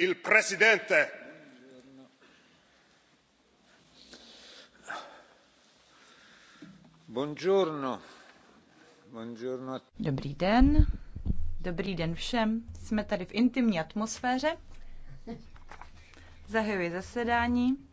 il presidente Dobrý den. Dobrý den všem. Jsme tady v intimní atmosféře. Zahajuji zasedání.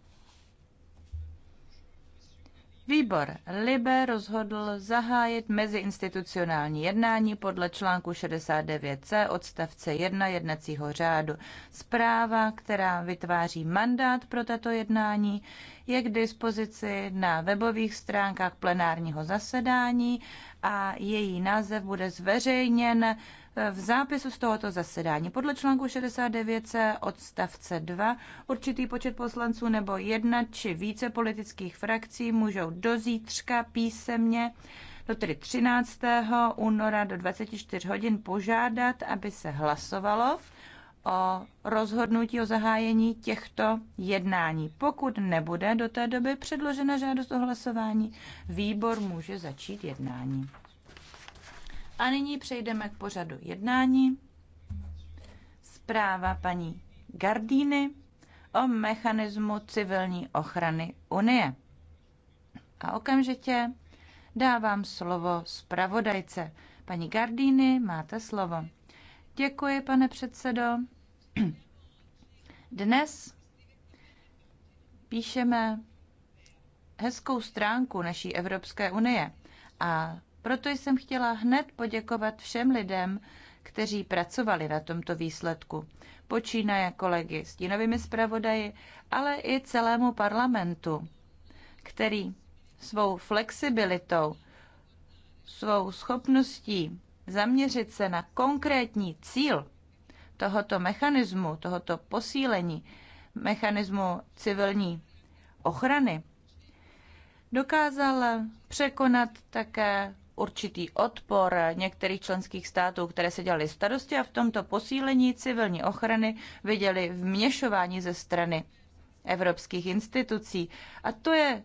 Výbor Libe rozhodl zahájit meziinstitucionální jednání podle článku 69c odstavce 1 jednacího řádu. Zpráva, která vytváří mandát pro tato jednání, je k dispozici na webových stránkách plenárního zasedání a její název bude zveřejněn v zápisu z tohoto zasedání. Podle článku 69c odstavce 2 určitý počet poslanců nebo jedna či více politických frakcí můžou do zítřka písemně do tedy 13. února do 24 hodin požádat, aby se hlasovalo o rozhodnutí o zahájení těchto jednání. Pokud nebude do té doby předložena žádost o hlasování, výbor může začít jednání. A nyní přejdeme k pořadu jednání. Zpráva paní Gardíny o mechanismu civilní ochrany Unie. A okamžitě dávám slovo zpravodajce. Paní Gardíny, máte slovo. Děkuji, pane předsedo. Dnes píšeme hezkou stránku naší Evropské unie a proto jsem chtěla hned poděkovat všem lidem, kteří pracovali na tomto výsledku. Počínaje kolegy s tínovými zpravodaji, ale i celému parlamentu, který svou flexibilitou, svou schopností zaměřit se na konkrétní cíl tohoto mechanismu, tohoto posílení mechanismu civilní ochrany, dokázal překonat také určitý odpor některých členských států, které se dělaly starosti a v tomto posílení civilní ochrany viděli vměšování ze strany evropských institucí. A to je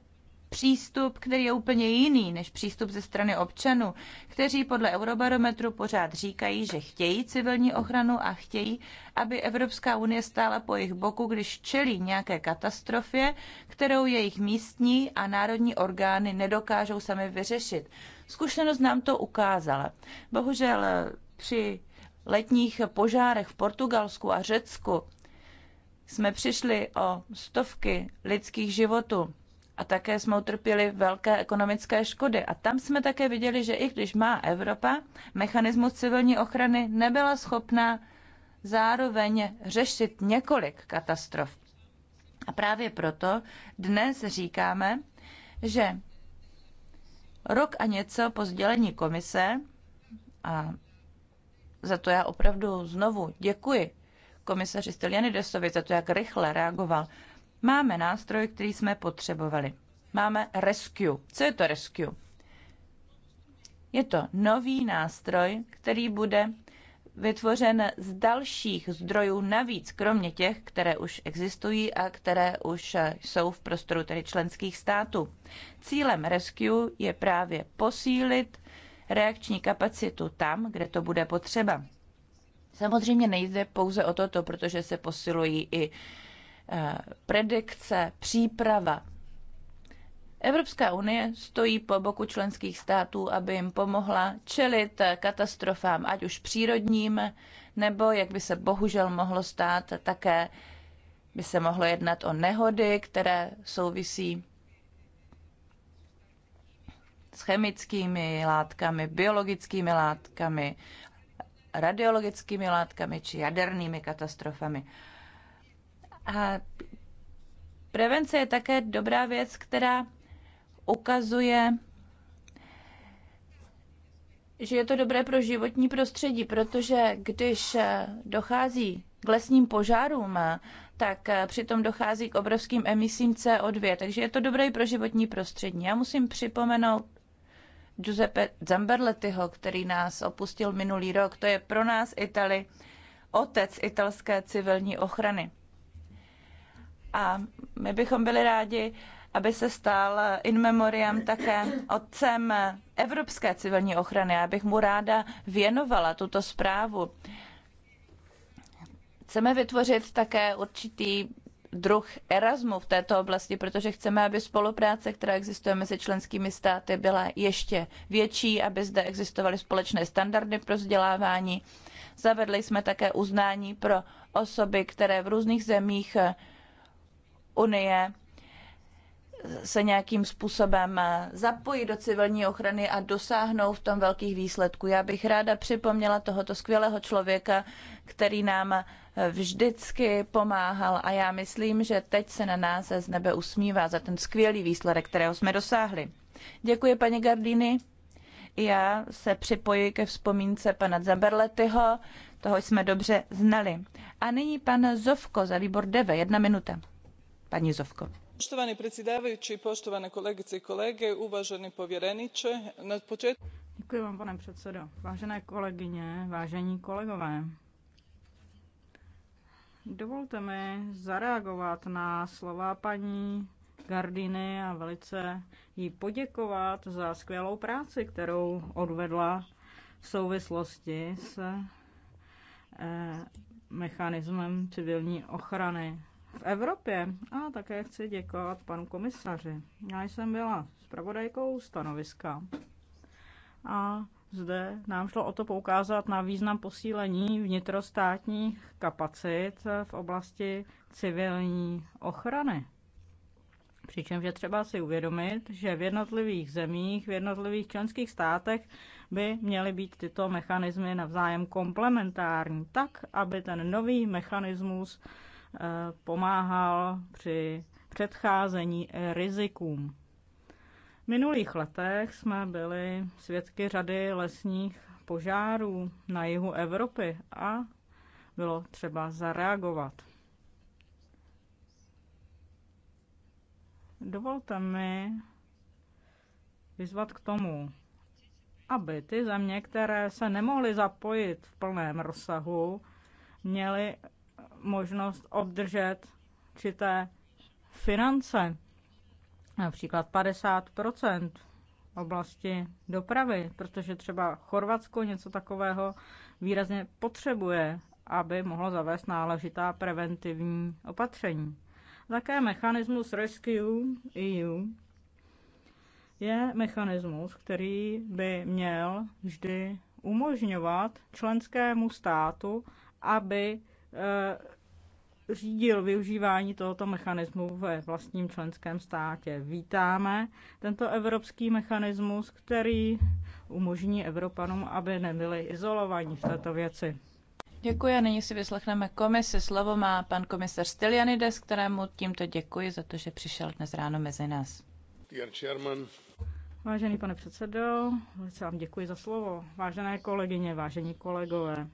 přístup, který je úplně jiný než přístup ze strany občanů, kteří podle Eurobarometru pořád říkají, že chtějí civilní ochranu a chtějí, aby Evropská unie stála po jejich boku, když čelí nějaké katastrofě, kterou jejich místní a národní orgány nedokážou sami vyřešit. Zkušenost nám to ukázala. Bohužel eh, při letních požárech v Portugalsku a Řecku jsme přišli o stovky lidských životů a také jsme utrpěli velké ekonomické škody. A tam jsme také viděli, že i když má Evropa, mechanismus civilní ochrany nebyla schopná zároveň řešit několik katastrof. A právě proto dnes říkáme, že Rok a něco po sdělení komise, a za to já opravdu znovu děkuji komisaři Stylianidesovi za to, jak rychle reagoval, máme nástroj, který jsme potřebovali. Máme Rescue. Co je to Rescue? Je to nový nástroj, který bude vytvořen z dalších zdrojů navíc, kromě těch, které už existují a které už jsou v prostoru tedy členských států. Cílem Rescue je právě posílit reakční kapacitu tam, kde to bude potřeba. Samozřejmě nejde pouze o toto, protože se posilují i eh, predikce, příprava Evropská unie stojí po boku členských států, aby jim pomohla čelit katastrofám, ať už přírodním, nebo, jak by se bohužel mohlo stát, také by se mohlo jednat o nehody, které souvisí s chemickými látkami, biologickými látkami, radiologickými látkami či jadernými katastrofami. A prevence je také dobrá věc, která ukazuje, že je to dobré pro životní prostředí, protože když dochází k lesním požárům, tak přitom dochází k obrovským emisím CO2, takže je to dobré pro životní prostředí. Já musím připomenout Giuseppe Zamberletyho, který nás opustil minulý rok. To je pro nás Itali otec italské civilní ochrany. A my bychom byli rádi, aby se stal in memoriam také otcem Evropské civilní ochrany. Já bych mu ráda věnovala tuto zprávu. Chceme vytvořit také určitý druh Erasmu v této oblasti, protože chceme, aby spolupráce, která existuje mezi členskými státy, byla ještě větší, aby zde existovaly společné standardy pro vzdělávání. Zavedli jsme také uznání pro osoby, které v různých zemích Unie se nějakým způsobem eh, zapojit do civilní ochrany a dosáhnou v tom velkých výsledků. Já bych ráda připomněla tohoto skvělého člověka, který nám eh, vždycky pomáhal a já myslím, že teď se na nás z nebe usmívá za ten skvělý výsledek, kterého jsme dosáhli. Děkuji, paní Gardini. Já se připojuji ke vzpomínce pana Zaberletyho, toho jsme dobře znali. A nyní pan Zovko za výbor Dv. jedna minuta. Paní Zovko poštovani predsjedavajući poštovane kolegice i kolege uvaženi povjereniče na početku. Děkuji vám, pane Vážené kolegyně, vážení kolegové, dovolte mi zareagovat na slova paní Gardiny a velice jí poděkovat za skvělou práci, kterou odvedla v souvislosti s eh, mechanismem civilní ochrany v Evropě. A také chci děkovat panu komisaři. Já jsem byla zpravodajkou stanoviska a zde nám šlo o to poukázat na význam posílení vnitrostátních kapacit v oblasti civilní ochrany. Přičemž je třeba si uvědomit, že v jednotlivých zemích, v jednotlivých členských státech by měly být tyto mechanismy navzájem komplementární, tak aby ten nový mechanismus Eh, pomáhal při předcházení rizikům. V minulých letech jsme byli svědky řady lesních požárů na jihu Evropy a bylo třeba zareagovat. Dovolte mi vyzvat k tomu, aby ty země, které se nemohly zapojit v plném rozsahu, měly možnost obdržet určité finance, například 50 oblasti dopravy, protože třeba Chorvatsko něco takového výrazně potřebuje, aby mohlo zavést náležitá preventivní opatření. Také mechanismus Rescue EU je mechanismus, který by měl vždy umožňovat členskému státu, aby Eh, řídil využívání tohoto mechanismu ve vlastním členském státě. Vítáme tento evropský mechanismus, který umožní Evropanům, aby nebyli izolovaní v této věci. Děkuji a nyní si vyslechneme komisi. Slovo má pan komisař Stylianides, kterému tímto děkuji za to, že přišel dnes ráno mezi nás. Vážený pane předsedo, velice vám děkuji za slovo. Vážené kolegyně, vážení kolegové,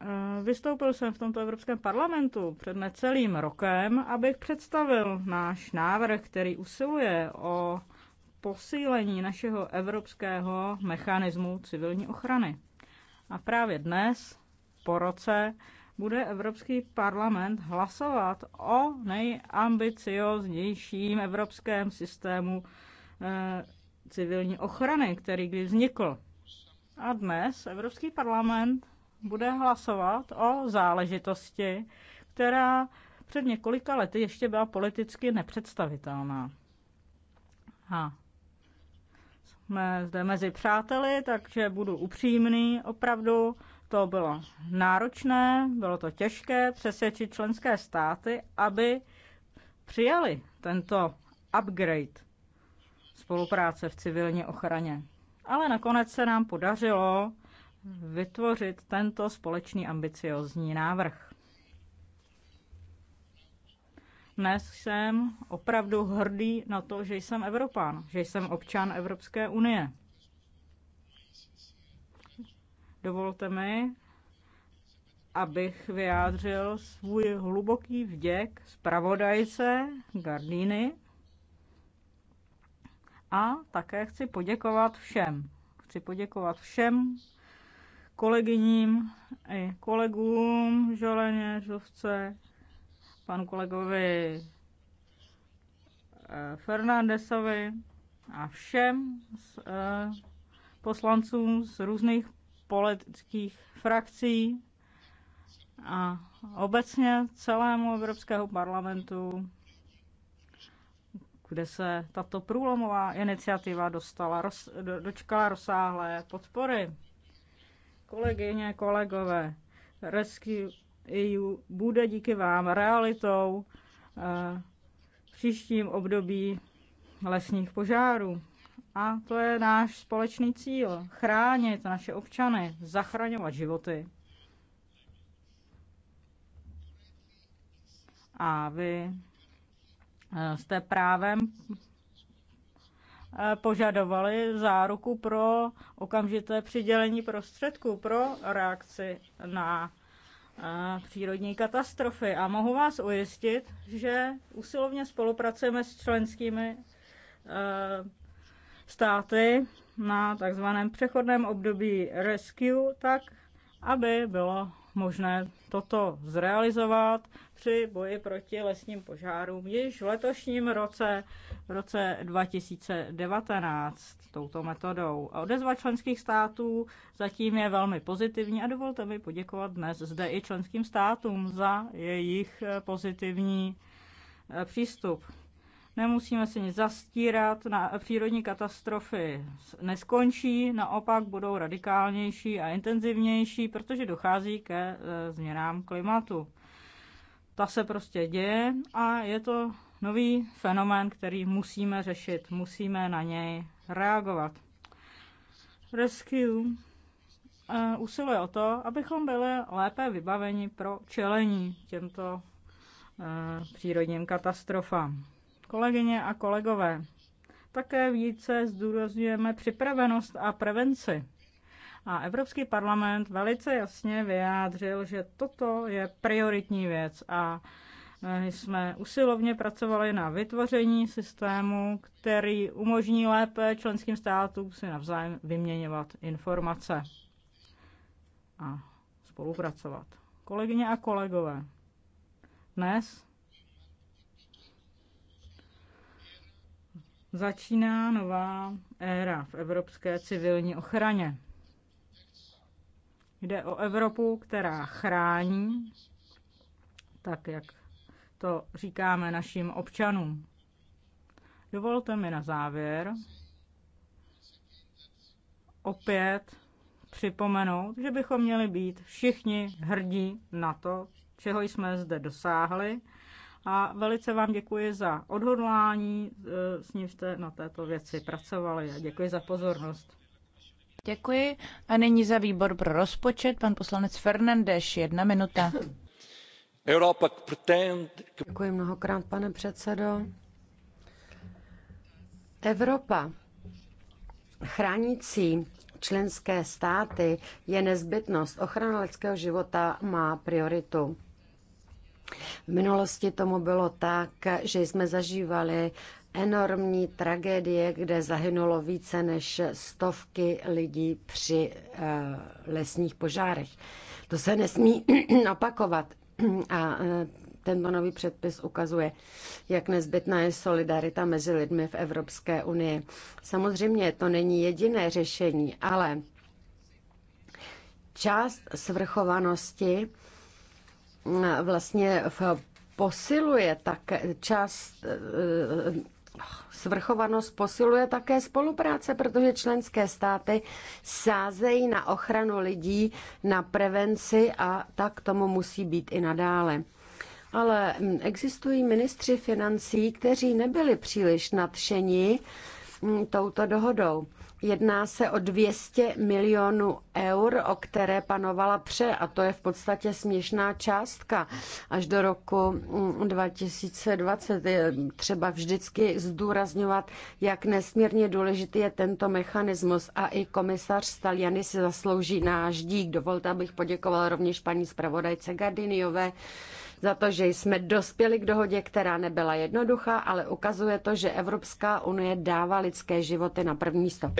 Eh, vystoupil jsem v tomto Evropském parlamentu před necelým rokem, abych představil náš návrh, který usiluje o posílení našeho evropského mechanismu civilní ochrany. A právě dnes, po roce, bude Evropský parlament hlasovat o nejambicioznějším evropském systému e, civilní ochrany, který kdy vznikl. A dnes Evropský parlament bude hlasovat o záležitosti, která před několika lety ještě byla politicky nepředstavitelná. A jsme zde mezi přáteli, takže budu upřímný. Opravdu to bylo náročné, bylo to těžké přesvědčit členské státy, aby přijali tento upgrade spolupráce v civilní ochraně. Ale nakonec se nám podařilo vytvořit tento společný ambiciozní návrh. Dnes jsem opravdu hrdý na to, že jsem Evropán, že jsem občan Evropské unie. Dovolte mi, abych vyjádřil svůj hluboký vděk zpravodajce Gardíny a také chci poděkovat všem. Chci poděkovat všem kolegyním i kolegům želeně, Žovce, panu kolegovi eh, Fernandesovi a všem z, eh, poslancům z různých politických frakcí a obecně celému Evropského parlamentu, kde se tato průlomová iniciativa dostala, roz, do, dočkala rozsáhlé podpory. Kolegyně, kolegové, Rescue EU bude díky vám realitou eh, v příštím období lesních požárů. A to je náš společný cíl. Chránit naše občany, zachraňovat životy. A vy eh, jste právem požadovali záruku pro okamžité přidělení prostředků pro reakci na eh, přírodní katastrofy. A mohu vás ujistit, že usilovně spolupracujeme s členskými eh, státy na takzvaném přechodném období rescue, tak aby bylo možné toto zrealizovat při boji proti lesním požárům již v letošním roce, v roce 2019 touto metodou. A odezva členských států zatím je velmi pozitivní a dovolte mi poděkovat dnes zde i členským státům za jejich pozitivní eh, přístup. Nemusíme se nic zastírat, na přírodní katastrofy neskončí, naopak budou radikálnější a intenzivnější, protože dochází ke e, změnám klimatu. Ta se prostě děje a je to nový fenomén, který musíme řešit, musíme na něj reagovat. Rescue e, usiluje o to, abychom byli lépe vybaveni pro čelení těmto e, přírodním katastrofám. Kolegyně a kolegové, také více zdůrazňujeme připravenost a prevenci. A Evropský parlament velice jasně vyjádřil, že toto je prioritní věc a my eh, jsme usilovně pracovali na vytvoření systému, který umožní lépe členským státům si navzájem vyměňovat informace a spolupracovat. Kolegyně a kolegové, dnes Začíná nová éra v evropské civilní ochraně. Jde o Evropu, která chrání, tak jak to říkáme našim občanům. Dovolte mi na závěr opět připomenout, že bychom měli být všichni hrdí na to, čeho jsme zde dosáhli a velice vám děkuji za odhodlání, eh, s ním jste na této věci pracovali a děkuji za pozornost. Děkuji a nyní za výbor pro rozpočet pan poslanec Fernandeš, jedna minuta. Děkuji mnohokrát, pane předsedo. Evropa chránící členské státy je nezbytnost. Ochrana lidského života má prioritu. V minulosti tomu bylo tak, že jsme zažívali enormní tragédie, kde zahynulo více než stovky lidí při eh, lesních požárech. To se nesmí opakovat. A eh, tento nový předpis ukazuje, jak nezbytná je solidarita mezi lidmi v Evropské unii. Samozřejmě to není jediné řešení, ale část svrchovanosti vlastně posiluje také část eh, eh, Svrchovanost posiluje také spolupráce, protože členské státy sázejí na ochranu lidí, na prevenci a tak tomu musí být i nadále. Ale hm, existují ministři financí, kteří nebyli příliš nadšení hm, touto dohodou. Jedná se o 200 milionů eur, o které panovala pře a to je v podstatě směšná částka. Až do roku 2020 mm, je třeba vždycky zdůrazňovat, jak nesmírně důležitý je tento mechanismus a i komisař Staliany si zaslouží náš dík. Dovolte, abych poděkoval rovněž paní zpravodajce Gardiniové, za to, že jsme dospěli k dohodě, která nebyla jednoduchá, ale ukazuje to, že Evropská unie dává lidské životy na první místo.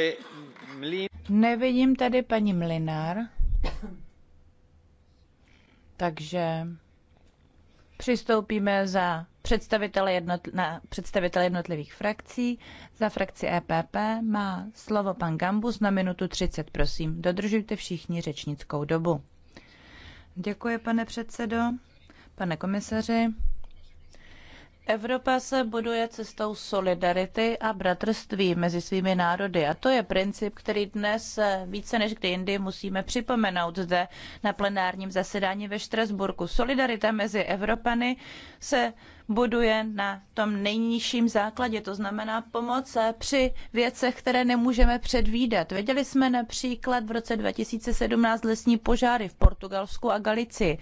Nevidím tady paní Mlinár, takže přistoupíme za představitele, jednotl- na představitele jednotlivých frakcí. Za frakci EPP má slovo pan Gambus na minutu 30, prosím. Dodržujte všichni řečnickou dobu. Děkuji, pane předsedo pane komisaři. Evropa se buduje cestou solidarity a bratrství mezi svými národy a to je princip, který dnes více než kdy jindy musíme připomenout zde na plenárním zasedání ve Štrasburku. Solidarita mezi Evropany se buduje na tom nejnižším základě, to znamená pomoc při věcech, které nemůžeme předvídat. Věděli jsme například v roce 2017 lesní požáry v Portugalsku a Galicii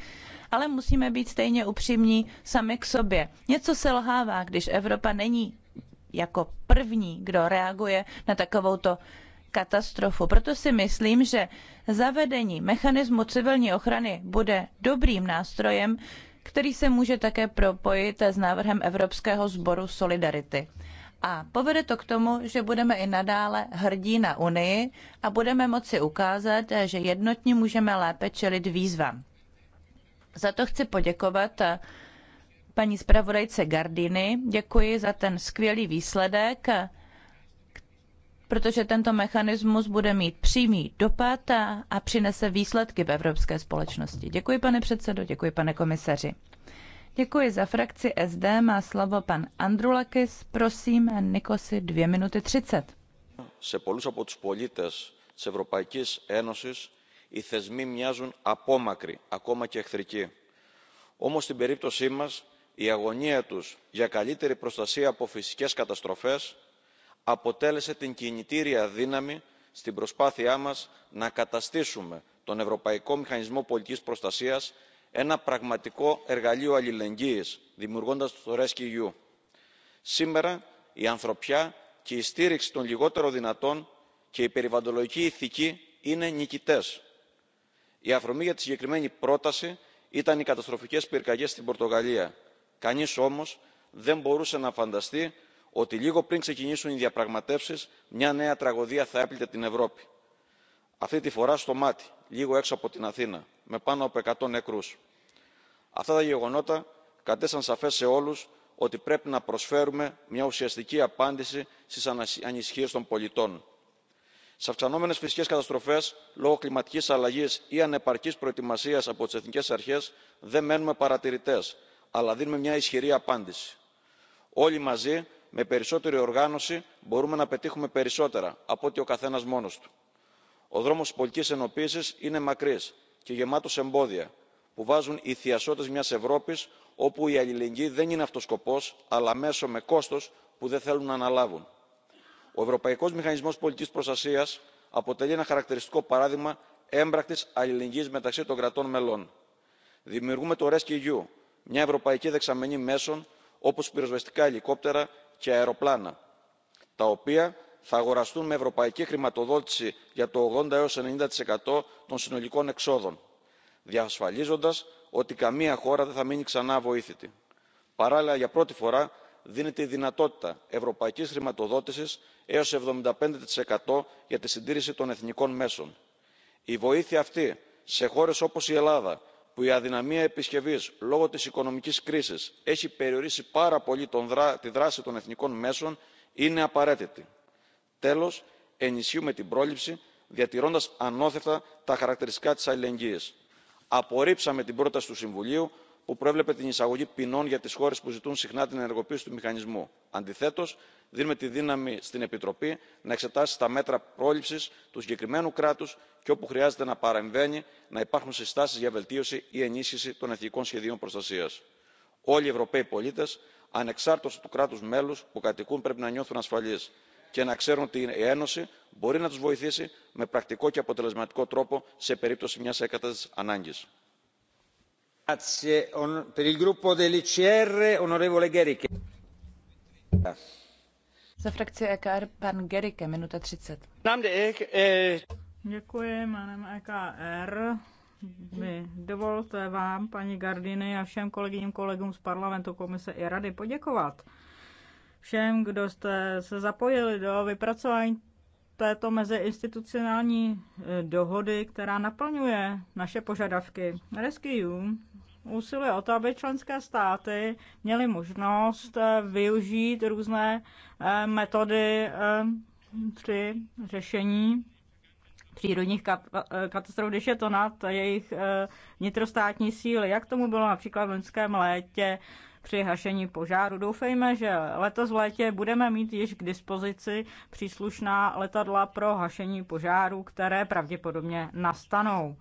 ale musíme být stejně upřímní sami k sobě. Něco selhává, když Evropa není jako první, kdo reaguje na takovouto katastrofu. Proto si myslím, že zavedení mechanismu civilní ochrany bude dobrým nástrojem, který se může také propojit s návrhem Evropského sboru Solidarity. A povede to k tomu, že budeme i nadále hrdí na Unii a budeme moci ukázat, že jednotně můžeme lépe čelit výzvám. Za to chci poděkovat eh, paní zpravodajce Gardiny. Děkuji za ten skvělý výsledek, eh, protože tento mechanismus bude mít přímý dopad eh, a přinese výsledky v evropské společnosti. Děkuji, pane předsedo, děkuji, pane komisaři. Děkuji za frakci SD. Má slovo pan Andrulakis. Prosím, Nikosi, dvě minuty třicet. Se polus από τους οι θεσμοί μοιάζουν απόμακροι ακόμα και εχθρικοί. όμως στην περίπτωσή μας η αγωνία τους για καλύτερη προστασία από φυσικές καταστροφές αποτέλεσε την κινητήρια δύναμη στην προσπάθειά μας να καταστήσουμε τον ευρωπαϊκό μηχανισμό πολιτικής προστασίας ένα πραγματικό εργαλείο αλληλεγγύης δημιουργώντας το resceu. σήμερα η ανθρωπιά και η στήριξη των λιγότερο δυνατών και η περιβαλλοντολογική ηθική είναι νικητές η αφορμή για τη συγκεκριμένη πρόταση ήταν οι καταστροφικές πυρκαγιές στην πορτογαλία. κανείς όμως δεν μπορούσε να φανταστεί ότι λίγο πριν ξεκινήσουν οι διαπραγματεύσεις μια νέα τραγωδία θα έπλητε την ευρώπη. αυτή τη φορά στο μάτι λίγο έξω από την αθήνα με πάνω από εκατό νεκρούς. αυτά τα γεγονότα κατέστησαν σαφές σε όλους ότι πρέπει να προσφέρουμε μια ουσιαστική απάντηση στις ανησυχίες των πολιτών σε αυξανόμενες φυσικές καταστροφές λόγω κλιματικής αλλαγής ή ανεπαρκής προετοιμασίας από τις εθνικές αρχές δεν μένουμε παρατηρητές αλλά δίνουμε μια ισχυρή απάντηση. όλοι μαζί με περισσότερη οργάνωση μπορούμε να πετύχουμε περισσότερα από ότι ο καθένας μόνος του. ο δρόμος της πολιτικής ενοποίησης είναι μακρύς και γεμάτος εμπόδια που βάζουν οι θειασότε μιας ευρώπης όπου η αλληλεγγύη δεν είναι αυτός σκοπός αλλά μέσο με κόστος που δεν θέλουν να αναλάβουν ο ευρωπαϊκός μηχανισμός πολιτικής προστασίας αποτελεί ένα χαρακτηριστικό παράδειγμα έμπρακτης αλληλεγγύης μεταξύ των κρατών μελών. δημιουργούμε το resceu μια ευρωπαϊκή δεξαμενή μέσων όπως πυροσβεστικά ελικόπτερα και αεροπλάνα τα οποία θα αγοραστούν με ευρωπαϊκή χρηματοδότηση για το ογδόντα έως 90% των συνολικών εξόδων διασφαλίζοντας ότι καμία χώρα δεν θα μείνει ξανά αβοήθητη. παράλληλα για πρώτη φορά δίνεται η δυνατότητα ευρωπαϊκής χρηματοδότησης έως εβδομήντα πέντε για τη συντήρηση των εθνικών μέσων. η βοήθεια αυτή σε χώρες όπως η ελλάδα που η αδυναμία επισκευής λόγω της οικονομικής κρίσης έχει περιορίσει πάρα πολύ τη δράση των εθνικών μέσων είναι απαραίτητη. τέλος ενισχύουμε την πρόληψη διατηρώντας ανώθετα τα χαρακτηριστικά της αλληλεγγύης. απορρίψαμε την πρόταση του συμβουλίου που προέβλεπε την εισαγωγή ποινών για τις χώρες που ζητούν συχνά την ενεργοποίηση του μηχανισμού. αντιθέτως δίνουμε τη δύναμη στην επιτροπή να εξετάσει τα μέτρα πρόληψης του συγκεκριμένου κράτους και όπου χρειάζεται να παρεμβαίνει να υπάρχουν συστάσεις για βελτίωση ή ενίσχυση των εθνικών σχεδίων προστασίας. όλοι οι ευρωπαίοι πολίτες ανεξάρτητα του κράτους μέλους που κατοικούν πρέπει να νιώθουν ασφαλείς και να ξέρουν ότι η ένωση μπορεί να τους βοηθήσει με πρακτικό και αποτελεσματικό τρόπο σε περίπτωση μιας έκτακτης ανάγκης za frakci EKR pan 30. E Děkuji, EKR. E dovolte vám, paní Gardiny a všem kolegyním kolegům z parlamentu, komise i rady poděkovat všem, kdo jste se zapojili do vypracování této meziinstitucionální eh, dohody, která naplňuje naše požadavky. Rescue úsilí o to, aby členské státy měly možnost eh, využít různé eh, metody při řešení přírodních katastrof, když je to nad jejich vnitrostátní síly, jak tomu bylo například v loňském létě při hašení požáru. Doufejme, že letos v létě budeme mít již k dispozici příslušná letadla pro hašení požáru, které pravděpodobně nastanou.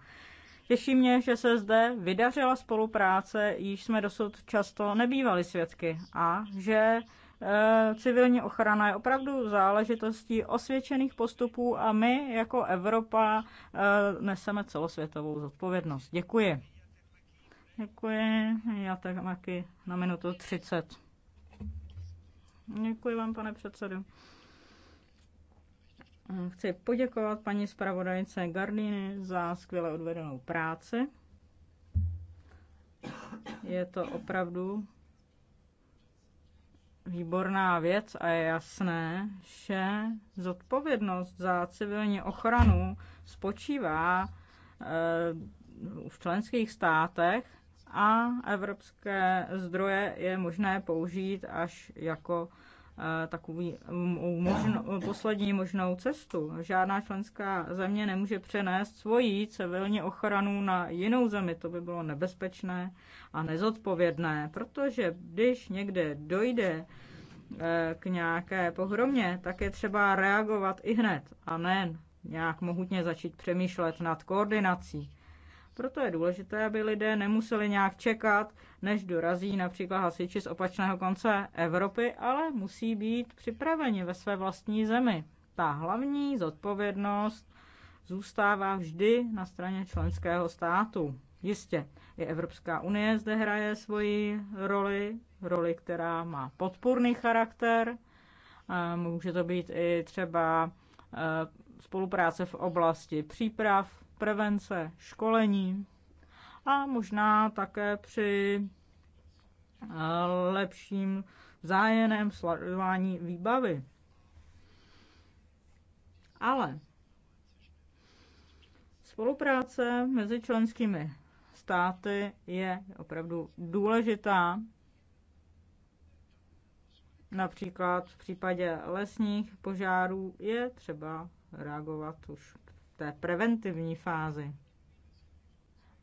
Těší mě, že se zde vydařila spolupráce, již jsme dosud často nebývali svědky a že eh, civilní ochrana je opravdu záležitostí osvědčených postupů a my jako Evropa eh, neseme celosvětovou zodpovědnost. Děkuji. Děkuji. Já tak taky na minutu 30. Děkuji vám, pane předsedu. Chci poděkovat paní zpravodajce Gardiny za skvěle odvedenou práci. Je to opravdu výborná věc a je jasné, že zodpovědnost za civilní ochranu spočívá eh, v členských státech a evropské zdroje je možné použít až jako eh, takový mm, možno, poslední možnou cestu. Žádná členská země nemůže přenést svoji civilní ochranu na jinou zemi. To by bylo nebezpečné a nezodpovědné, protože když někde dojde eh, k nějaké pohromě, tak je třeba reagovat i hned a ne nějak mohutně začít přemýšlet nad koordinací. Proto je důležité, aby lidé nemuseli nějak čekat, než dorazí například hasiči z opačného konce Evropy, ale musí být připraveni ve své vlastní zemi. Ta hlavní zodpovědnost zůstává vždy na straně členského státu. Jistě, i Evropská unie zde hraje svoji roli, roli, která má podpůrný charakter. Eh, může to být i třeba eh, spolupráce v oblasti příprav prevence, školení a možná také při eh, lepším zájeném sledování výbavy. Ale spolupráce mezi členskými státy je opravdu důležitá. Například v případě lesních požárů je třeba reagovat už té preventivní fázi.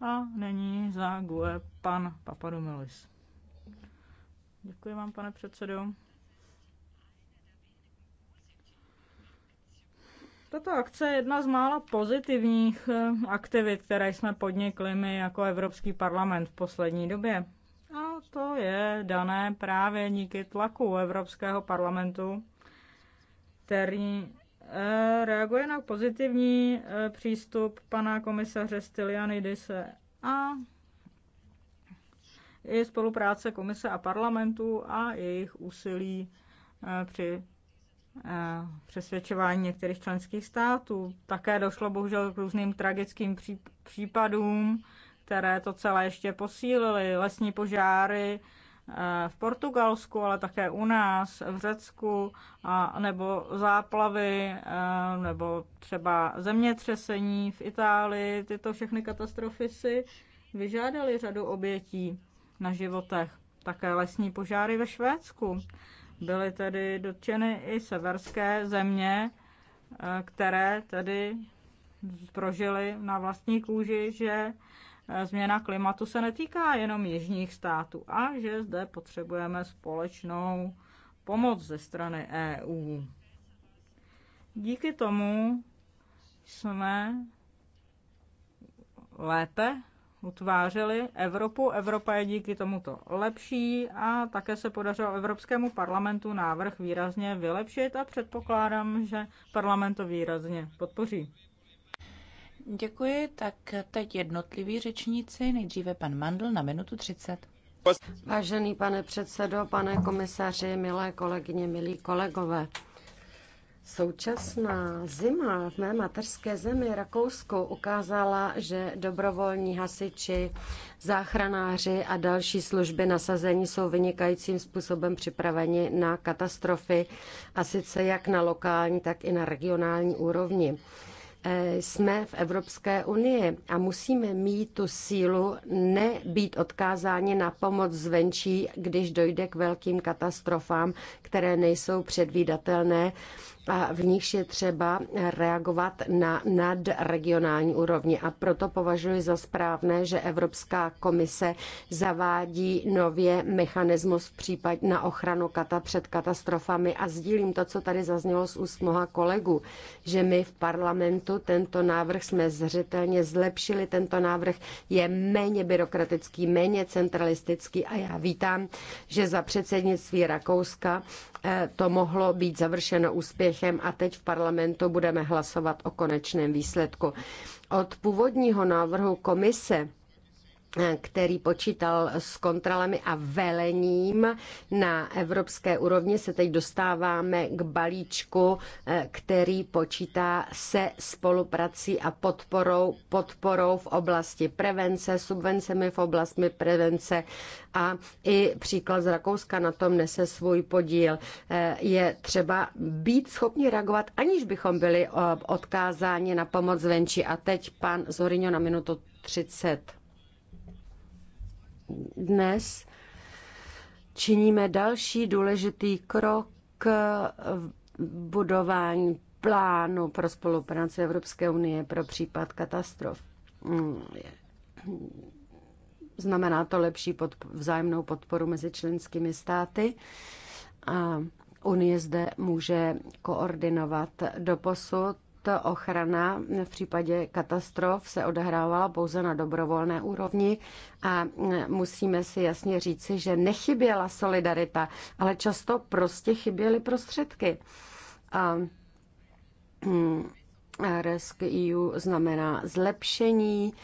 A není za GUE pan Papadomilis. Děkuji vám, pane předsedo. Tato akce je jedna z mála pozitivních eh, aktivit, které jsme podnikli my jako Evropský parlament v poslední době. A to je dané právě díky tlaku Evropského parlamentu, který Eh, reaguje na pozitivní eh, přístup pana komisaře Stylianidise a i spolupráce komise a parlamentu a jejich úsilí eh, při přesvědčování některých členských států. Také došlo bohužel k různým tragickým případům, které to celé ještě posílily. Lesní požáry, Eh, v Portugalsku, ale také u nás, v Řecku, a, nebo záplavy, a, eh, nebo třeba zemětřesení v Itálii. Tyto všechny katastrofy si vyžádaly řadu obětí na životech. Také lesní požáry ve Švédsku. Byly tedy dotčeny i severské země, eh, které tedy prožily na vlastní kůži, že Eh, změna klimatu se netýká jenom jižních států a že zde potřebujeme společnou pomoc ze strany EU. Díky tomu jsme lépe utvářeli Evropu. Evropa je díky tomuto lepší a také se podařilo Evropskému parlamentu návrh výrazně vylepšit a předpokládám, že parlament to výrazně podpoří. Děkuji, tak teď jednotliví řečníci, nejdříve pan Mandl na minutu 30. Vážený pane předsedo, pane komisaři, milé kolegyně, milí kolegové. Současná zima v mé mateřské zemi Rakousko ukázala, že dobrovolní hasiči, záchranáři a další služby nasazení jsou vynikajícím způsobem připraveni na katastrofy, a sice jak na lokální, tak i na regionální úrovni. Eh, jsme v Evropské unii a musíme mít tu sílu nebýt odkázáni na pomoc zvenčí, když dojde k velkým katastrofám, které nejsou předvídatelné a v nichž je třeba reagovat na nadregionální úrovni. A proto považuji za správné, že Evropská komise zavádí nově mechanismus v případ na ochranu kata před katastrofami a sdílím to, co tady zaznělo z úst mnoha kolegů, že my v parlamentu tento návrh jsme zřetelně zlepšili. Tento návrh je méně byrokratický, méně centralistický a já vítám, že za předsednictví Rakouska eh, to mohlo být završeno úspěšně úspěchem a teď v parlamentu budeme hlasovat o konečném výsledku. Od původního návrhu komise který počítal s kontrolami a velením na evropské úrovni, se teď dostáváme k balíčku, eh, který počítá se spoluprací a podporou, podporou v oblasti prevence, subvencemi v oblasti prevence a i příklad z Rakouska na tom nese svůj podíl. Eh, je třeba být schopni reagovat, aniž bychom byli eh, odkázáni na pomoc venčí. A teď pan Zorino na minutu 30 dnes činíme další důležitý krok k budování plánu pro spolupráci Evropské unie pro případ katastrof. Znamená to lepší pod, vzájemnou podporu mezi členskými státy. A Unie zde může koordinovat doposud ta ochrana v případě katastrof se odehrávala pouze na dobrovolné úrovni a musíme si jasně říci, že nechyběla solidarita, ale často prostě chyběly prostředky. A, EU mm, znamená zlepšení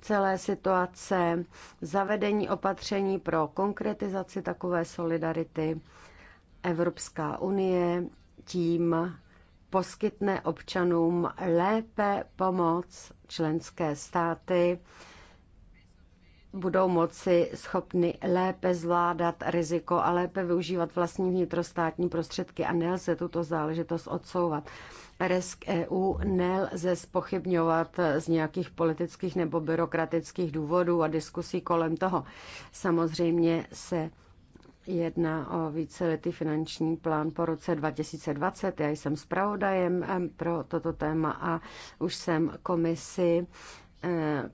celé situace, zavedení opatření pro konkretizaci takové solidarity. Evropská unie tím poskytne občanům lépe pomoc členské státy, budou moci schopny lépe zvládat riziko a lépe využívat vlastní vnitrostátní prostředky a nelze tuto záležitost odsouvat. Resk EU nelze spochybňovat z nějakých politických nebo byrokratických důvodů a diskusí kolem toho. Samozřejmě se jedná o víceletý finanční plán po roce 2020. Já jsem zpravodajem pro toto téma a už jsem komisi eh,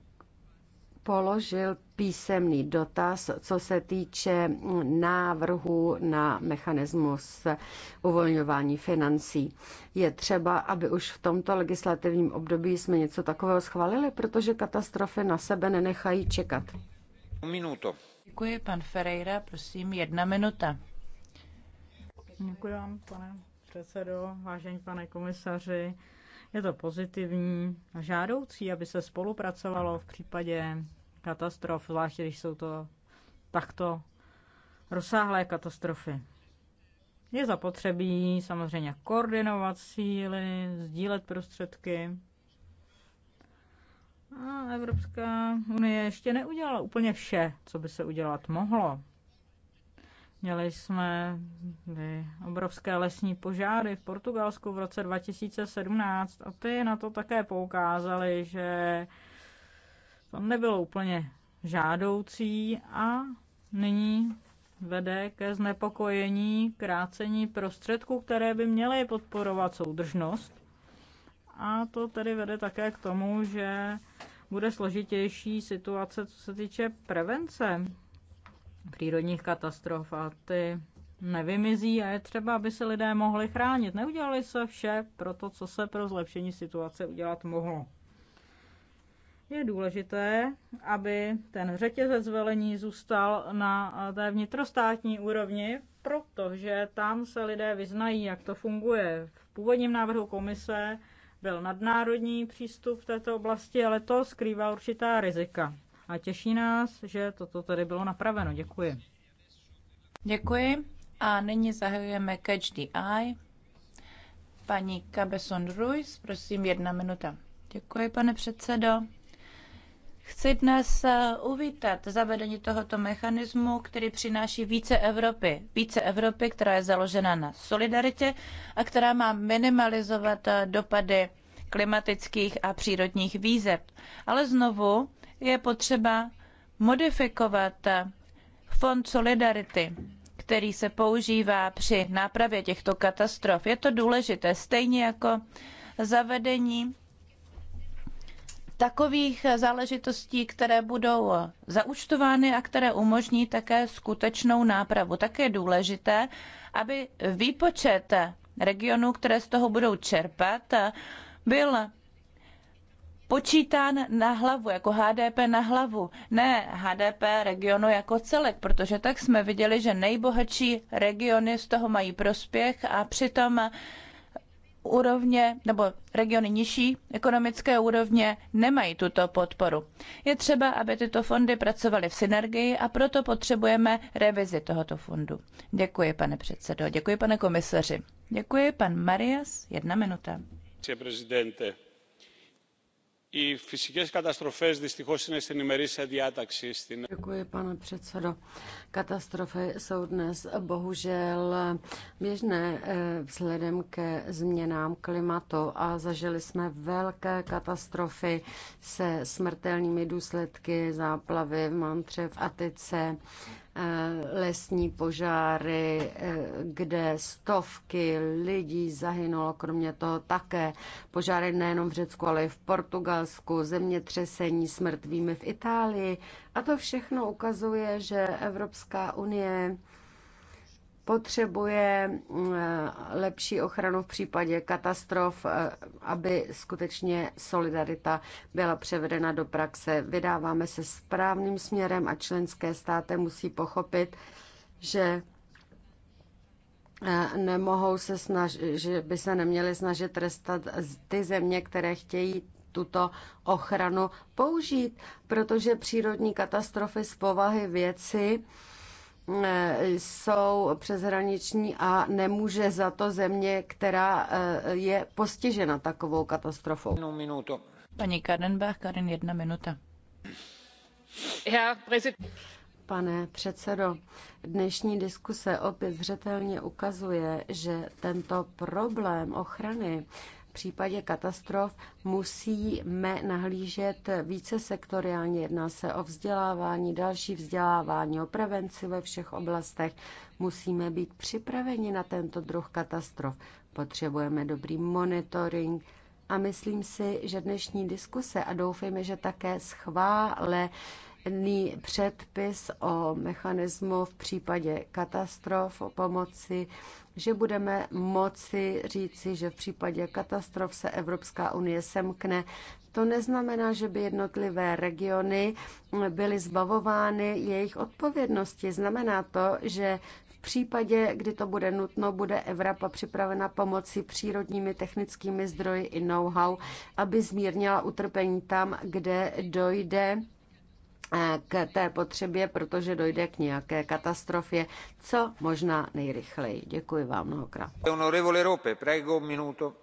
položil písemný dotaz, co se týče návrhu na mechanismus uvolňování financí. Je třeba, aby už v tomto legislativním období jsme něco takového schválili, protože katastrofy na sebe nenechají čekat. Minuto. Děkuji, pan Ferreira, prosím, jedna minuta. Děkuji vám, pane předsedo, vážení pane komisaři. Je to pozitivní a žádoucí, aby se spolupracovalo v případě katastrof, zvláště když jsou to takto rozsáhlé katastrofy. Je zapotřebí samozřejmě koordinovat síly, sdílet prostředky a Evropská unie ještě neudělala úplně vše, co by se udělat mohlo. Měli jsme obrovské lesní požáry v Portugalsku v roce 2017 a ty na to také poukázali, že to nebylo úplně žádoucí a nyní vede ke znepokojení krácení prostředků, které by měly podporovat soudržnost a to tedy vede také k tomu, že bude složitější situace, co se týče prevence přírodních katastrof a ty nevymizí a je třeba, aby se lidé mohli chránit. Neudělali se vše pro to, co se pro zlepšení situace udělat mohlo. Je důležité, aby ten řetězec velení zůstal na té vnitrostátní úrovni, protože tam se lidé vyznají, jak to funguje. V původním návrhu komise byl nadnárodní přístup v této oblasti, ale to skrývá určitá rizika. A těší nás, že toto tady bylo napraveno. Děkuji. Děkuji. A nyní zahajujeme Catch the Eye. Paní Cabeson Ruiz, prosím, jedna minuta. Děkuji, pane předsedo. Chci dnes eh, uvítat zavedení tohoto mechanismu, který přináší více Evropy. Více Evropy, která je založena na solidaritě a která má minimalizovat eh, dopady klimatických a přírodních výzev. Ale znovu je potřeba modifikovat eh, fond solidarity, který se používá při nápravě těchto katastrof. Je to důležité, stejně jako zavedení takových záležitostí, které budou zaučtovány a které umožní také skutečnou nápravu. Také je důležité, aby výpočet regionů, které z toho budou čerpat, byl počítán na hlavu, jako HDP na hlavu, ne HDP regionu jako celek, protože tak jsme viděli, že nejbohatší regiony z toho mají prospěch a přitom úrovně nebo regiony nižší ekonomické úrovně nemají tuto podporu. Je třeba, aby tyto fondy pracovaly v synergii a proto potřebujeme revizi tohoto fondu. Děkuji, pane předsedo, děkuji, pane komisaři. Děkuji, pan Marias, jedna minuta. Děkuji, pane předsedo. Katastrofy jsou dnes bohužel běžné eh, vzhledem ke změnám klimatu a zažili jsme velké katastrofy se smrtelnými důsledky záplavy v Mantře v itálii. Eh, lesní požáry, eh, kde stovky lidí zahynulo, kromě toho také požáry nejenom v Řecku, ale i v Portugalsku, zemětřesení s mrtvými v Itálii. A to všechno ukazuje, že Evropská unie potřebuje mm, lepší ochranu v případě katastrof, eh, aby skutečně solidarita byla převedena do praxe. Vydáváme se správným směrem a členské státy musí pochopit, že eh, nemohou se snažit, že by se neměly snažit trestat ty země, které chtějí tuto ochranu použít, protože přírodní katastrofy z povahy věci E, jsou přeshraniční a nemůže za to země, která e, je postižena takovou katastrofou. Pani Paní Karenbach, Karin, jedna minuta. Já, prezid... Pane předsedo, dnešní diskuse opět zřetelně ukazuje, že tento problém ochrany případě katastrof musíme nahlížet více sektoriálně. Jedná se o vzdělávání, další vzdělávání, o prevenci ve všech oblastech. Musíme být připraveni na tento druh katastrof. Potřebujeme dobrý monitoring, a myslím si, že dnešní diskuse a doufejme, že také schvále ný předpis o mechanismu v případě katastrof, o pomoci, že budeme moci říci, že v případě katastrof se Evropská unie semkne. To neznamená, že by jednotlivé regiony byly zbavovány jejich odpovědnosti. Znamená to, že v případě, kdy to bude nutno, bude Evropa připravena pomoci přírodními technickými zdroji i know-how, aby zmírnila utrpení tam, kde dojde k té potřebě, protože dojde k nějaké katastrofě, co možná nejrychleji. Děkuji vám mnohokrát. Honorevole Rope, prego minuto.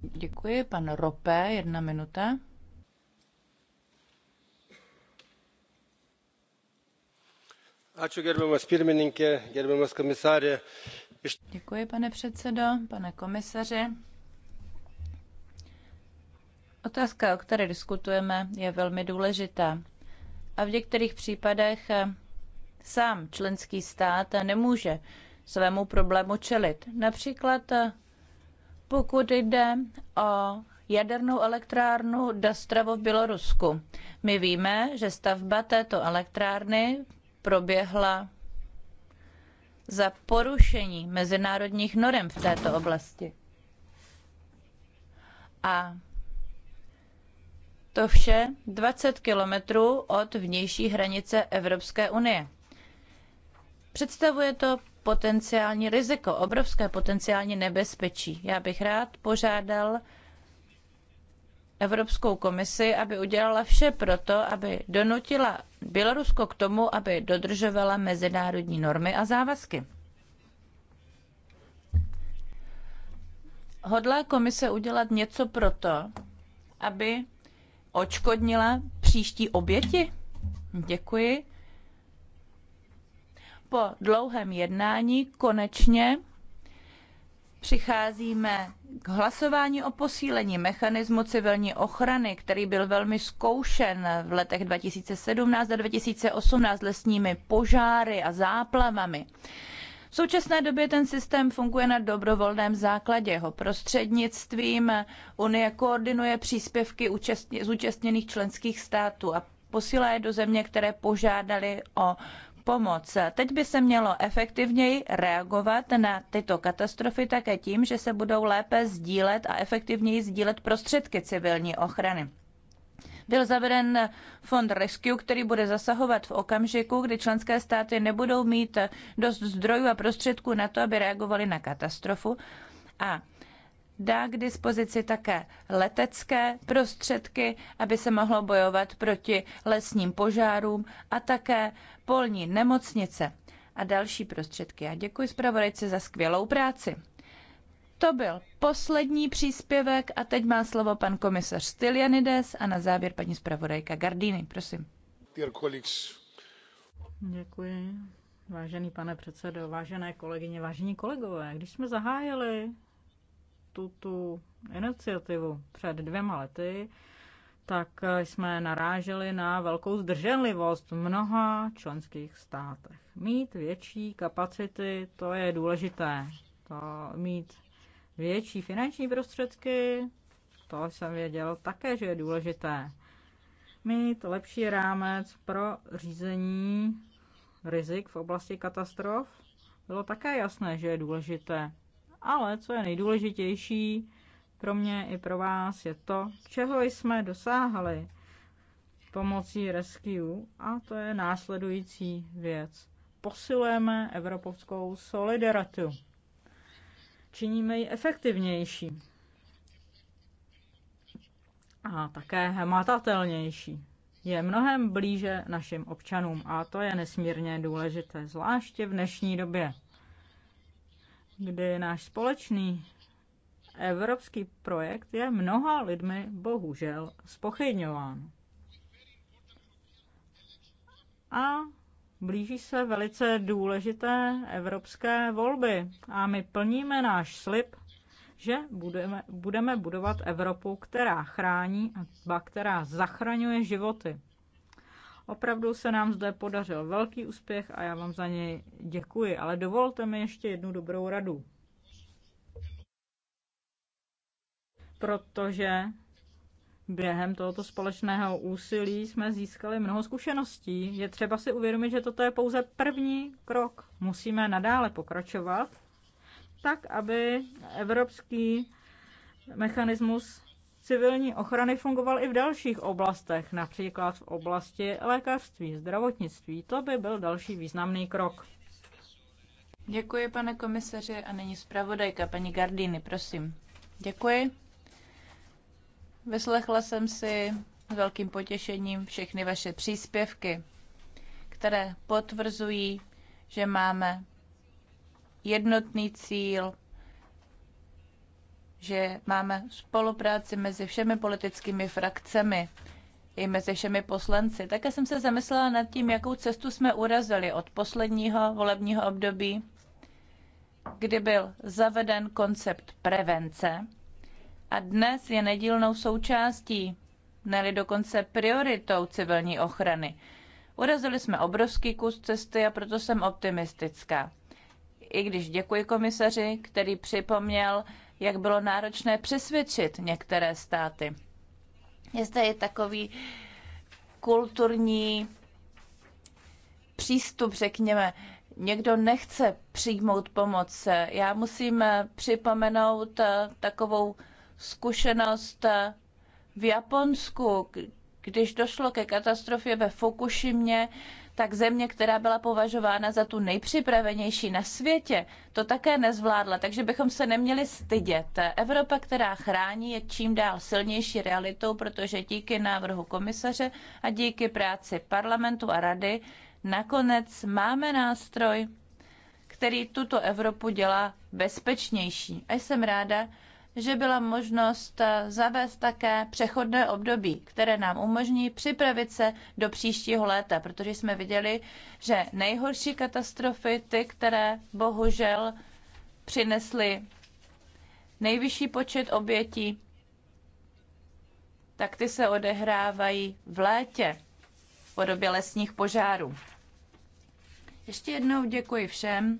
Děkuji, pan Rope, jedna minuta. Ačiū gerbiamas pirmininkė, gerbiamas komisarė. Děkuji, pane předsedo, pane komisaři. Otázka, o které diskutujeme, je velmi důležitá a v některých případech eh, sám členský stát nemůže svému problému čelit. Například eh, pokud jde o jadernou elektrárnu Dastravo v Bělorusku. My víme, že stavba této elektrárny proběhla za porušení mezinárodních norem v této oblasti. A to vše 20 kilometrů od vnější hranice Evropské unie. Představuje to potenciální riziko, obrovské potenciální nebezpečí. Já bych rád požádal Evropskou komisi, aby udělala vše proto, aby donutila Bělorusko k tomu, aby dodržovala mezinárodní normy a závazky. Hodlá komise udělat něco proto, aby očkodnila příští oběti? Děkuji. Po dlouhém jednání konečně přicházíme k hlasování o posílení mechanismu civilní ochrany, který byl velmi zkoušen v letech 2017 a 2018 lesními požáry a záplavami. V současné době ten systém funguje na dobrovolném základě. Jeho prostřednictvím Unie koordinuje příspěvky zúčastněných členských států a posílá je do země, které požádali o pomoc. Teď by se mělo efektivněji reagovat na tyto katastrofy také tím, že se budou lépe sdílet a efektivněji sdílet prostředky civilní ochrany. Byl zaveden fond Rescue, který bude zasahovat v okamžiku, kdy členské státy nebudou mít dost zdrojů a prostředků na to, aby reagovali na katastrofu. A dá k dispozici také letecké prostředky, aby se mohlo bojovat proti lesním požárům a také polní nemocnice a další prostředky. A děkuji zpravodajce za skvělou práci. To byl poslední příspěvek a teď má slovo pan komisař Stylianides a na závěr paní zpravodajka Gardini. Prosím. Děkuji. Vážený pane předsedo, vážené kolegyně, vážení kolegové, když jsme zahájili tuto iniciativu před dvěma lety, tak jsme naráželi na velkou zdrženlivost v mnoha členských státech. Mít větší kapacity, to je důležité. To mít větší finanční prostředky, to jsem věděl také, že je důležité. Mít lepší rámec pro řízení rizik v oblasti katastrof bylo také jasné, že je důležité. Ale co je nejdůležitější pro mě i pro vás je to, čeho jsme dosáhli pomocí Rescue a to je následující věc. Posilujeme evropskou solidaritu činíme ji efektivnější a také hmatatelnější. Je mnohem blíže našim občanům a to je nesmírně důležité, zvláště v dnešní době, kdy náš společný evropský projekt je mnoha lidmi bohužel spochybňován. A Blíží se velice důležité evropské volby a my plníme náš slib, že budeme, budeme budovat Evropu, která chrání a která zachraňuje životy. Opravdu se nám zde podařil velký úspěch a já vám za něj děkuji, ale dovolte mi ještě jednu dobrou radu. Protože během tohoto společného úsilí jsme získali mnoho zkušeností. Je třeba si uvědomit, že toto je pouze první krok. Musíme nadále pokračovat, tak aby evropský mechanismus civilní ochrany fungoval i v dalších oblastech, například v oblasti lékařství, zdravotnictví. To by byl další významný krok. Děkuji, pane komisaři, a nyní zpravodajka, paní Gardini, prosím. Děkuji. Vyslechla jsem si s velkým potěšením všechny vaše příspěvky, které potvrzují, že máme jednotný cíl, že máme spolupráci mezi všemi politickými frakcemi i mezi všemi poslanci. Také jsem se zamyslela nad tím, jakou cestu jsme urazili od posledního volebního období, kdy byl zaveden koncept prevence a dnes je nedílnou součástí, ne dokonce prioritou civilní ochrany. Urazili jsme obrovský kus cesty a proto jsem optimistická. I když děkuji komisaři, který připomněl, jak bylo náročné přesvědčit některé státy. Je zde i takový kulturní přístup, řekněme, někdo nechce přijmout pomoc. Já musím připomenout takovou zkušenost eh, v Japonsku, když došlo ke katastrofě ve Fukushimě, tak země, která byla považována za tu nejpřipravenější na světě, to také nezvládla. Takže bychom se neměli stydět. Evropa, která chrání, je čím dál silnější realitou, protože díky návrhu komisaře a díky práci parlamentu a rady nakonec máme nástroj, který tuto Evropu dělá bezpečnější. A jsem ráda, že byla možnost eh, zavést také přechodné období, které nám umožní připravit se do příštího léta, protože jsme viděli, že nejhorší katastrofy, ty, které bohužel přinesly nejvyšší počet obětí, tak ty se odehrávají v létě v podobě lesních požárů. Ještě jednou děkuji všem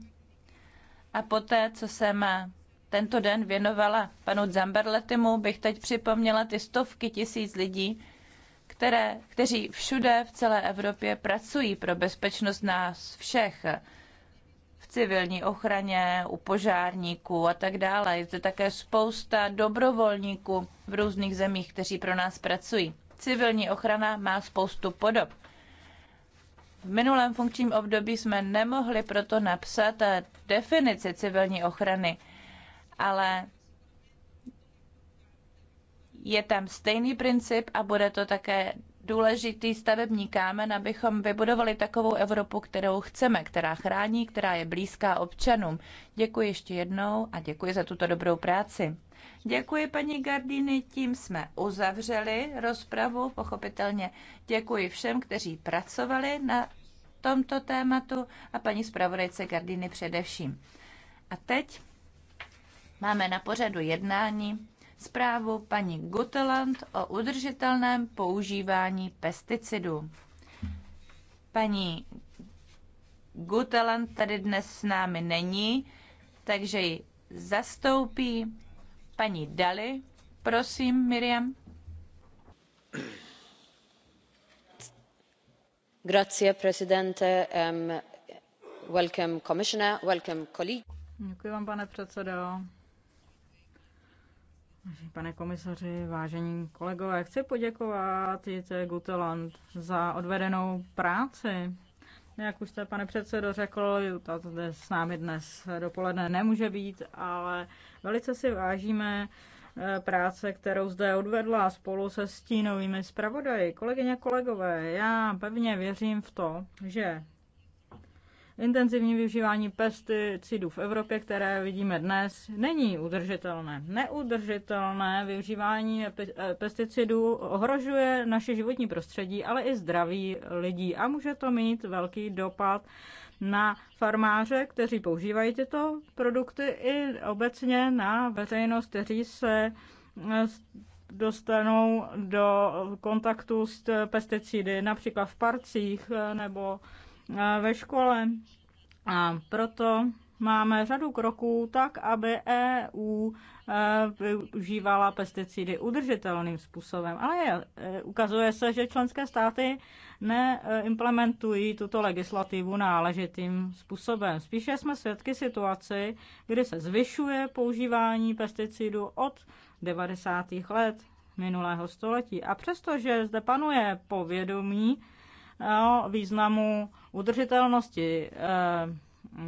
a poté, co jsem tento den věnovala panu Zamberletimu, bych teď připomněla ty stovky tisíc lidí, které, kteří všude v celé Evropě pracují pro bezpečnost nás všech v civilní ochraně, u požárníků a tak dále. Je to také spousta dobrovolníků v různých zemích, kteří pro nás pracují. Civilní ochrana má spoustu podob. V minulém funkčním období jsme nemohli proto napsat definici civilní ochrany – ale je tam stejný princip a bude to také důležitý stavební kámen, abychom vybudovali takovou Evropu, kterou chceme, která chrání, která je blízká občanům. Děkuji ještě jednou a děkuji za tuto dobrou práci. Děkuji paní Gardiny, tím jsme uzavřeli rozpravu. Pochopitelně děkuji všem, kteří pracovali na tomto tématu a paní zpravodajce Gardiny především. A teď Máme na pořadu jednání zprávu paní Guteland o udržitelném používání pesticidů. Paní Guteland tady dnes s námi není, takže ji zastoupí paní Dali. Prosím, Miriam. Grazie, presidente. Um, welcome, commissioner. Welcome, colleague. Děkuji vám, pane předsedo. Pane komisaři, vážení kolegové, chci poděkovat Jice Guteland za odvedenou práci. Jak už jste, pane předsedo, řekl, Juta zde s námi dnes dopoledne nemůže být, ale velice si vážíme eh, práce, kterou zde odvedla spolu se stínovými zpravodaji. Kolegyně, kolegové, já pevně věřím v to, že Intenzivní využívání pesticidů v Evropě, které vidíme dnes, není udržitelné. Neudržitelné využívání eh, pesticidů ohrožuje naše životní prostředí, ale i zdraví lidí a může to mít velký dopad na farmáře, kteří používají tyto produkty i obecně na veřejnost, kteří se eh, dostanou do kontaktu s pesticidy, například v parcích eh, nebo ve škole. A proto máme řadu kroků tak, aby EU e, využívala pesticidy udržitelným způsobem. Ale je, e, ukazuje se, že členské státy neimplementují tuto legislativu náležitým způsobem. Spíše jsme svědky situaci, kdy se zvyšuje používání pesticidů od 90. let minulého století. A přestože zde panuje povědomí, o významu udržitelnosti eh,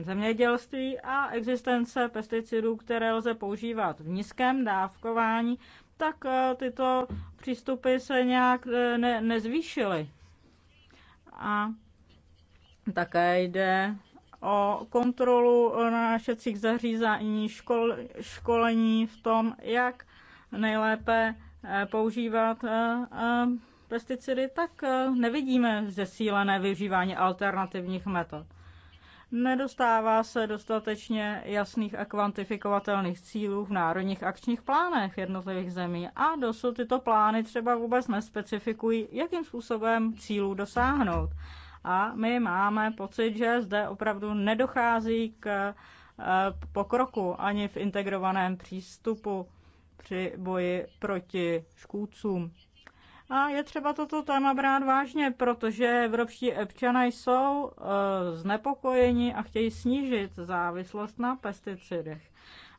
zemědělství a existence pesticidů, které lze používat v nízkém dávkování, tak eh, tyto přístupy se nějak eh, ne, nezvýšily. A také jde o kontrolu našecích zařízení, škol, školení v tom, jak nejlépe používat pesticidy, tak eh, nevidíme zesílené využívání alternativních metod. Nedostává se dostatečně jasných a kvantifikovatelných cílů v národních akčních plánech jednotlivých zemí a dosud tyto plány třeba vůbec nespecifikují, jakým způsobem cílů dosáhnout. A my máme pocit, že zde opravdu nedochází k eh, pokroku ani v integrovaném přístupu při boji proti škůdcům. A je třeba toto téma brát vážně, protože evropští občané jsou e, znepokojeni a chtějí snížit závislost na pesticidech.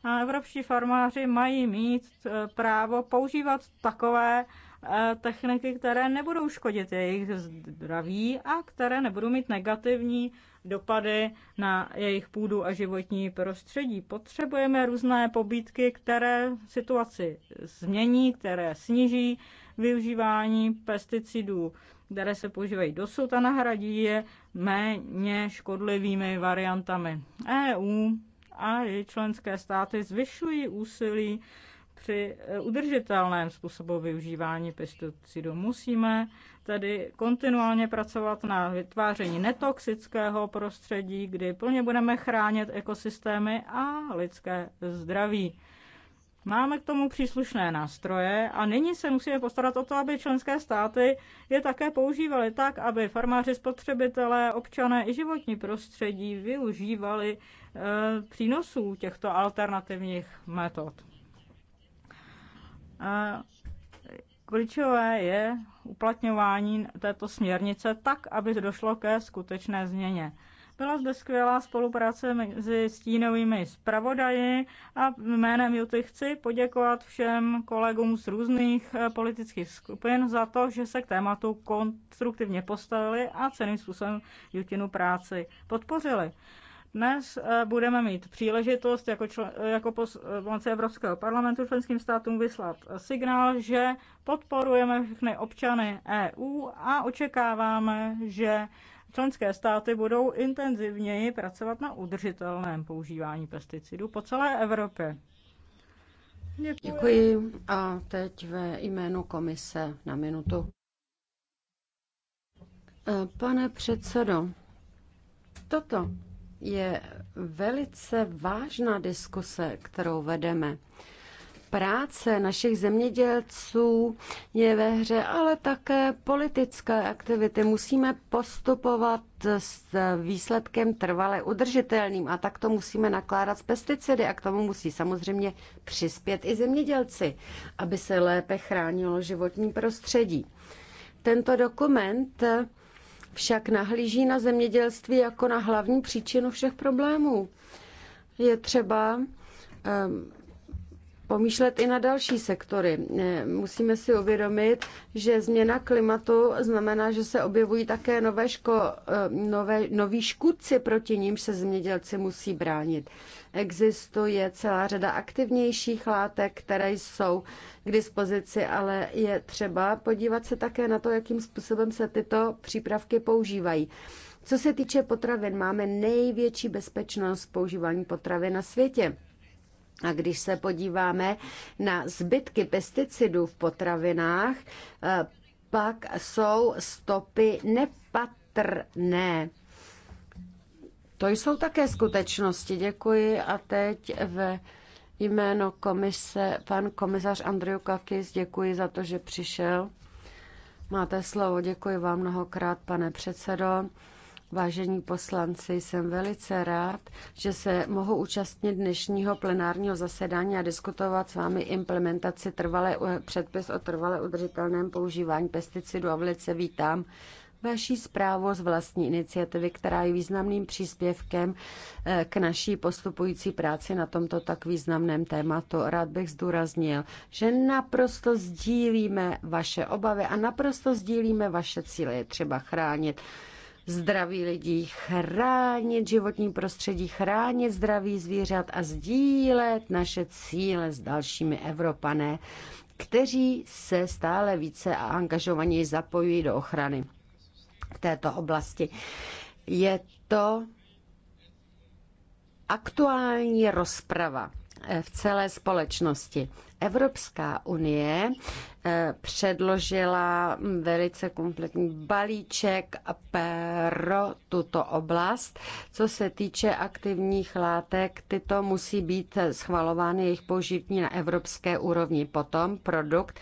A evropští farmáři mají mít eh, právo používat takové eh, techniky, které nebudou škodit jejich zdraví a které nebudou mít negativní dopady na jejich půdu a životní prostředí. Potřebujeme různé pobídky, které situaci změní, které sníží využívání pesticidů, které se používají dosud a nahradí je méně škodlivými variantami. EU a její členské státy zvyšují úsilí při eh, udržitelném způsobu využívání pesticidů. Musíme tedy kontinuálně pracovat na vytváření netoxického prostředí, kdy plně budeme chránit ekosystémy a lidské zdraví. Máme k tomu příslušné nástroje a nyní se musíme postarat o to, aby členské státy je také používaly tak, aby farmáři, spotřebitelé, občané i životní prostředí využívali e, přínosů těchto alternativních metod. E, klíčové je uplatňování této směrnice tak, aby došlo ke skutečné změně. Byla zde skvělá spolupráce mezi stínovými zpravodaji a jménem Juty chci poděkovat všem kolegům z různých eh, politických skupin za to, že se k tématu konstruktivně postavili a ceným způsobem Jutinu práci podpořili. Dnes eh, budeme mít příležitost jako, člen, jako eh, poslanci Evropského parlamentu členským státům vyslat signál, že podporujeme všechny občany EU a očekáváme, že členské státy budou intenzivněji pracovat na udržitelném používání pesticidů po celé Evropě. Děkuji. Děkuji. A teď ve jménu komise na minutu. Pane předsedo, toto je velice vážná diskuse, kterou vedeme práce našich zemědělců je ve hře, ale také politické aktivity. Musíme postupovat s výsledkem trvale udržitelným a tak to musíme nakládat s pesticidy a k tomu musí samozřejmě přispět i zemědělci, aby se lépe chránilo životní prostředí. Tento dokument však nahlíží na zemědělství jako na hlavní příčinu všech problémů. Je třeba ehm, pomýšlet i na další sektory. Eh, musíme si uvědomit, že změna klimatu znamená, že se objevují také nové ško, eh, nové, noví škůdci, proti nímž se zemědělci musí bránit. Existuje celá řada aktivnějších látek, které jsou k dispozici, ale je třeba podívat se také na to, jakým způsobem se tyto přípravky používají. Co se týče potravin, máme největší bezpečnost používání potravin na světě. A když se podíváme na zbytky pesticidů v potravinách, eh, pak jsou stopy nepatrné. To jsou také skutečnosti. Děkuji a teď ve jméno komise, pan komisař Andriu Kakis, děkuji za to, že přišel. Máte slovo, děkuji vám mnohokrát, pane předsedo. Vážení poslanci, jsem velice rád, že se mohu účastnit dnešního plenárního zasedání a diskutovat s vámi implementaci trvalé, předpis o trvale udržitelném používání pesticidů a velice vítám vaší zprávu z vlastní iniciativy, která je významným příspěvkem eh, k naší postupující práci na tomto tak významném tématu. Rád bych zdůraznil, že naprosto sdílíme vaše obavy a naprosto sdílíme vaše cíle. Je třeba chránit zdraví lidí, chránit životní prostředí, chránit zdraví zvířat a sdílet naše cíle s dalšími Evropané, kteří se stále více a angažovaně zapojují do ochrany v této oblasti. Je to aktuální rozprava v celé společnosti. Evropská unie eh, předložila velice kompletní balíček pro tuto oblast. Co se týče aktivních látek, tyto musí být schvalovány jejich použití na evropské úrovni. Potom produkt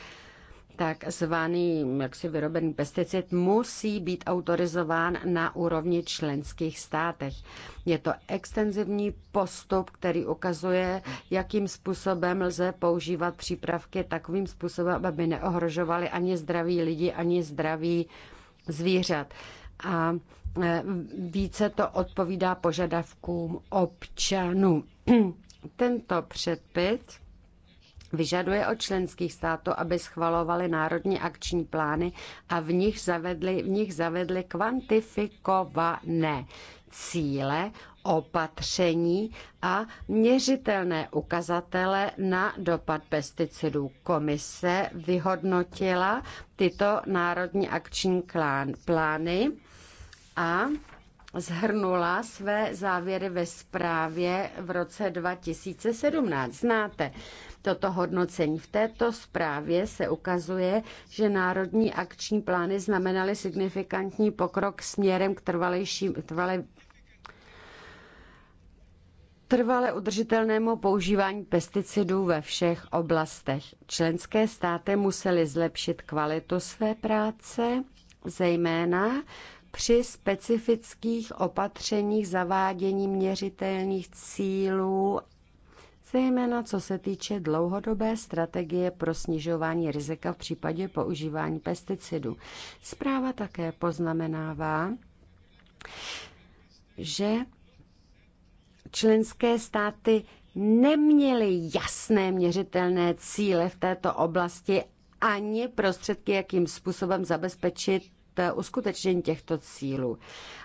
tak zvaný jaksi vyrobený pesticid musí být autorizován na úrovni členských státech. Je to extenzivní postup, který ukazuje, jakým způsobem lze používat přípravky takovým způsobem, aby neohrožovaly ani zdraví lidí, ani zdraví zvířat. A e, více to odpovídá požadavkům občanů. Tento předpis Vyžaduje od členských států, aby schvalovali národní akční plány a v nich zavedli, v nich zavedli kvantifikované cíle, opatření a měřitelné ukazatele na dopad pesticidů. Komise vyhodnotila tyto národní akční plány a zhrnula své závěry ve zprávě v roce 2017. Znáte toto hodnocení. V této zprávě se ukazuje, že národní akční plány znamenaly signifikantní pokrok směrem k trvalejším, trvale, trvale udržitelnému používání pesticidů ve všech oblastech. Členské státy musely zlepšit kvalitu své práce, zejména při specifických opatřeních zavádění měřitelných cílů, zejména co se týče dlouhodobé strategie pro snižování rizika v případě používání pesticidů. Zpráva také poznamenává, že členské státy neměly jasné měřitelné cíle v této oblasti ani prostředky, jakým způsobem zabezpečit Eh, uskutečnění těchto cílů.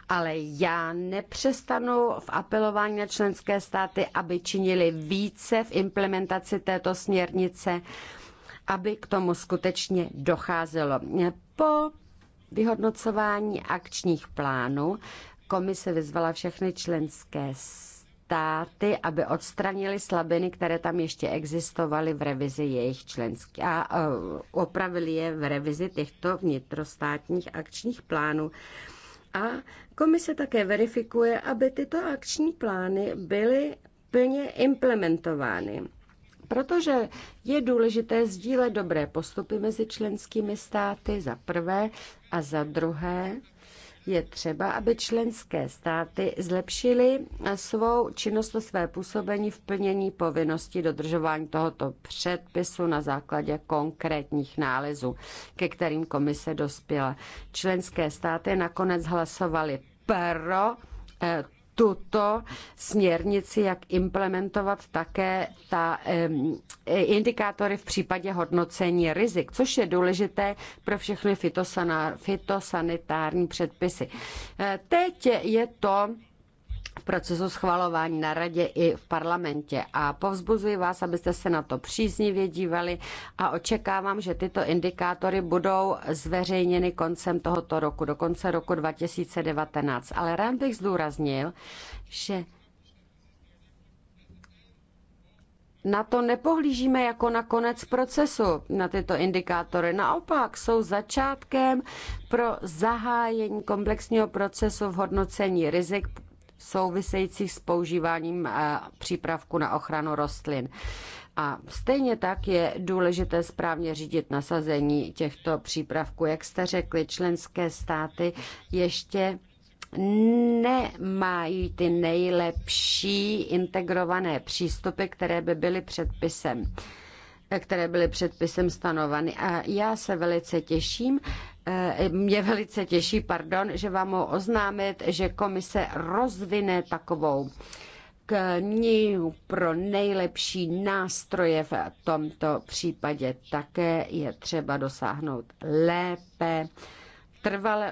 Ale já nepřestanu v apelování na členské státy, aby činili více v implementaci této směrnice, aby k tomu skutečně docházelo. Po vyhodnocování akčních plánů komise vyzvala všechny členské státy, státy, aby odstranili slabiny, které tam ještě existovaly v revizi jejich členských a e, opravili je v revizi těchto vnitrostátních akčních plánů. A komise také verifikuje, aby tyto akční plány byly plně implementovány protože je důležité sdílet dobré postupy mezi členskými státy za prvé a za druhé je třeba, aby členské státy zlepšily svou činnost a své působení v plnění povinnosti dodržování tohoto předpisu na základě konkrétních nálezů, ke kterým komise dospěla. Členské státy nakonec hlasovaly pro eh, tuto směrnici, jak implementovat také ta indikátory v případě hodnocení rizik, což je důležité pro všechny fitosanitární předpisy. E, teď je to procesu schvalování na radě i v parlamentě. A povzbuzuji vás, abyste se na to příznivě dívali a očekávám, že tyto indikátory budou zveřejněny koncem tohoto roku, do konce roku 2019. Ale rád bych zdůraznil, že na to nepohlížíme jako na konec procesu, na tyto indikátory. Naopak jsou začátkem pro zahájení komplexního procesu v hodnocení rizik souvisejících s používáním eh, přípravku na ochranu rostlin. A stejně tak je důležité správně řídit nasazení těchto přípravků. Jak jste řekli, členské státy ještě nemají ty nejlepší integrované přístupy, které by byly předpisem které byly předpisem stanovany. A já se velice těším, eh, mě velice těší, pardon, že vám mohu oznámit, že komise rozvine takovou knihu pro nejlepší nástroje v tomto případě. Také je třeba dosáhnout lépe trvale